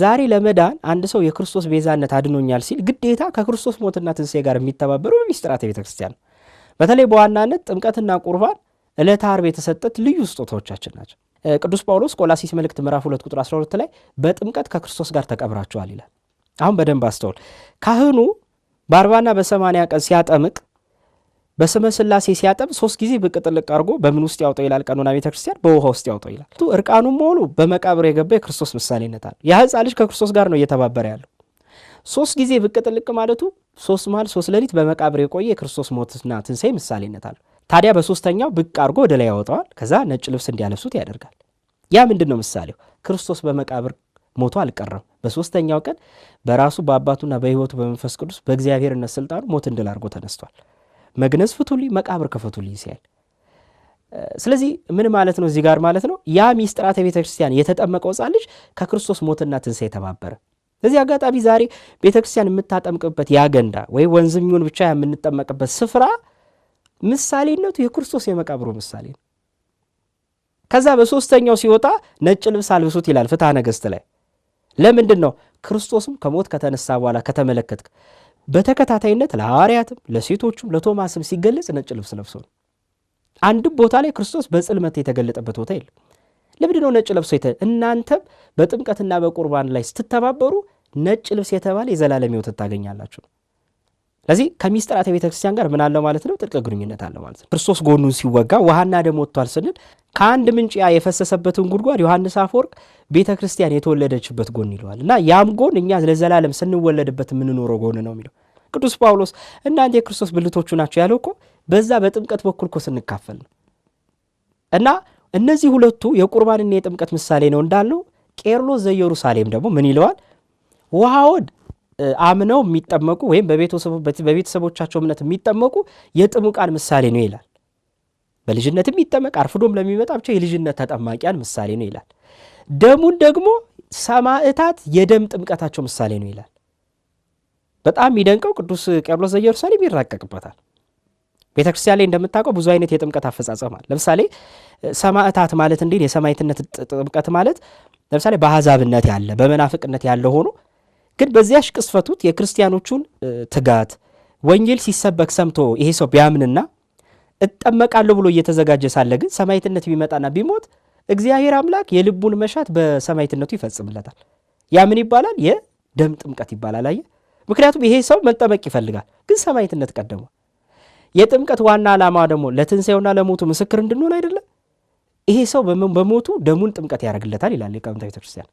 ዛሬ ለመዳን አንድ ሰው የክርስቶስ ቤዛነት አድኖኛል ሲል ግዴታ ከክርስቶስ ሞትና ትንሣኤ ጋር የሚተባበሩ በሚስጥራት የቤተ ክርስቲያን ነው። በተለይ በዋናነት ጥምቀትና ቁርባን ዕለተ ዓርብ የተሰጠት ልዩ ስጦታዎቻችን ናቸው። ቅዱስ ጳውሎስ ቆላሲስ መልእክት ምዕራፍ 2 ቁጥር 12 ላይ በጥምቀት ከክርስቶስ ጋር ተቀብራችኋል ይላል። አሁን በደንብ አስተውል። ካህኑ በአርባና በሰማንያ ቀን ሲያጠምቅ በስመ ስላሴ ሲያጠብ ሶስት ጊዜ ብቅ ጥልቅ አድርጎ በምን ውስጥ ያውጠው ይላል? ቀኖና ቤተ ክርስቲያን በውሃ ውስጥ ያውጠው ይላል። እርቃኑም መሆኑ በመቃብር የገባ የክርስቶስ ምሳሌነት አለ። ያ ሕፃን ልጅ ከክርስቶስ ጋር ነው እየተባበረ ያለው። ሶስት ጊዜ ብቅ ጥልቅ ማለቱ ሶስት መዓል ሶስት ሌሊት በመቃብር የቆየ የክርስቶስ ሞትና ትንሣኤ ምሳሌነት አለ። ታዲያ በሶስተኛው ብቅ አድርጎ ወደ ላይ ያወጠዋል። ከዛ ነጭ ልብስ እንዲያለብሱት ያደርጋል። ያ ምንድን ነው ምሳሌው? ክርስቶስ በመቃብር ሞቶ አልቀረም። በሶስተኛው ቀን በራሱ በአባቱና በህይወቱ በመንፈስ ቅዱስ በእግዚአብሔርነት ስልጣኑ ሞት እንድል አድርጎ ተነስቷል። መግነዝ ፍቱልኝ፣ መቃብር ክፈቱልኝ ሲያል ስለዚህ ምን ማለት ነው? እዚህ ጋር ማለት ነው ያ ሚስጥራተ ቤተ ክርስቲያን የተጠመቀው ሕፃን ልጅ ከክርስቶስ ሞትና ትንሣኤ የተባበረ እዚህ አጋጣሚ ዛሬ ቤተ ክርስቲያን የምታጠምቅበት ያገንዳ ወይም ወንዝ ይሁን ብቻ የምንጠመቅበት ስፍራ ምሳሌነቱ የክርስቶስ የመቃብሩ ምሳሌ ነው። ከዛ በሶስተኛው ሲወጣ ነጭ ልብስ አልብሱት ይላል ፍትሐ ነገሥት ላይ። ለምንድን ነው? ክርስቶስም ከሞት ከተነሳ በኋላ ከተመለከትክ በተከታታይነት ለሐዋርያትም ለሴቶቹም ለቶማስም ሲገለጽ ነጭ ልብስ ለብሶ ነው። አንድም ቦታ ላይ ክርስቶስ በጽልመት የተገለጠበት ቦታ የለም። ልብድ ነው ነጭ ለብሶ? እናንተም በጥምቀትና በቁርባን ላይ ስትተባበሩ ነጭ ልብስ የተባለ የዘላለም ሕይወት ታገኛላችሁ። ስለዚህ ከሚስጥራተ ቤተ ክርስቲያን ጋር ምን አለው ማለት ነው? ጥልቅ ግንኙነት አለው ማለት ነው። ክርስቶስ ጎኑን ሲወጋ ውሃና ደም ወጥቷል ስንል ከአንድ ምንጭ ያ የፈሰሰበትን ጉድጓድ ዮሐንስ አፈወርቅ ቤተ ክርስቲያን የተወለደችበት ጎን ይለዋል እና ያም ጎን እኛ ለዘላለም ስንወለድበት የምንኖረው ጎን ነው የሚለው ቅዱስ ጳውሎስ እናንተ የክርስቶስ ብልቶቹ ናቸው ያለው እኮ በዛ በጥምቀት በኩል እኮ ስንካፈል ነው እና እነዚህ ሁለቱ የቁርባንና የጥምቀት ምሳሌ ነው እንዳለው ቄርሎስ ዘኢየሩሳሌም ደግሞ ምን ይለዋል ውሃውን አምነው የሚጠመቁ ወይም በቤተሰቦቻቸው እምነት የሚጠመቁ የጥሙቃን ምሳሌ ነው ይላል። በልጅነት የሚጠመቅ አርፍዶም ለሚመጣ የልጅነት ተጠማቂያን ምሳሌ ነው ይላል። ደሙን ደግሞ ሰማዕታት የደም ጥምቀታቸው ምሳሌ ነው ይላል። በጣም የሚደንቀው ቅዱስ ቄርሎስ ዘኢየሩሳሌም ይራቀቅበታል። ቤተ ክርስቲያን ላይ እንደምታውቀው ብዙ አይነት የጥምቀት አፈጻጸም አለ። ለምሳሌ ሰማዕታት ማለት እንዲህ የሰማዕትነት ጥምቀት ማለት ለምሳሌ በአሕዛብነት ያለ በመናፍቅነት ያለ ሆኖ ግን በዚያሽ ቅስፈቱት የክርስቲያኖቹን ትጋት ወንጌል ሲሰበክ ሰምቶ ይሄ ሰው ቢያምንና እጠመቃለሁ ብሎ እየተዘጋጀ ሳለ ግን ሰማይትነት ቢመጣና ቢሞት እግዚአብሔር አምላክ የልቡን መሻት በሰማይትነቱ ይፈጽምለታል። ያ ምን ይባላል? የደም ጥምቀት ይባላል። አየ ምክንያቱም ይሄ ሰው መጠመቅ ይፈልጋል፣ ግን ሰማይትነት ቀደሙ። የጥምቀት ዋና ዓላማ ደግሞ ለትንሣኤውና ለሞቱ ምስክር እንድንሆን አይደለም። ይሄ ሰው በሞቱ ደሙን ጥምቀት ያደርግለታል ይላል ሊቃውንተ ቤተክርስቲያን።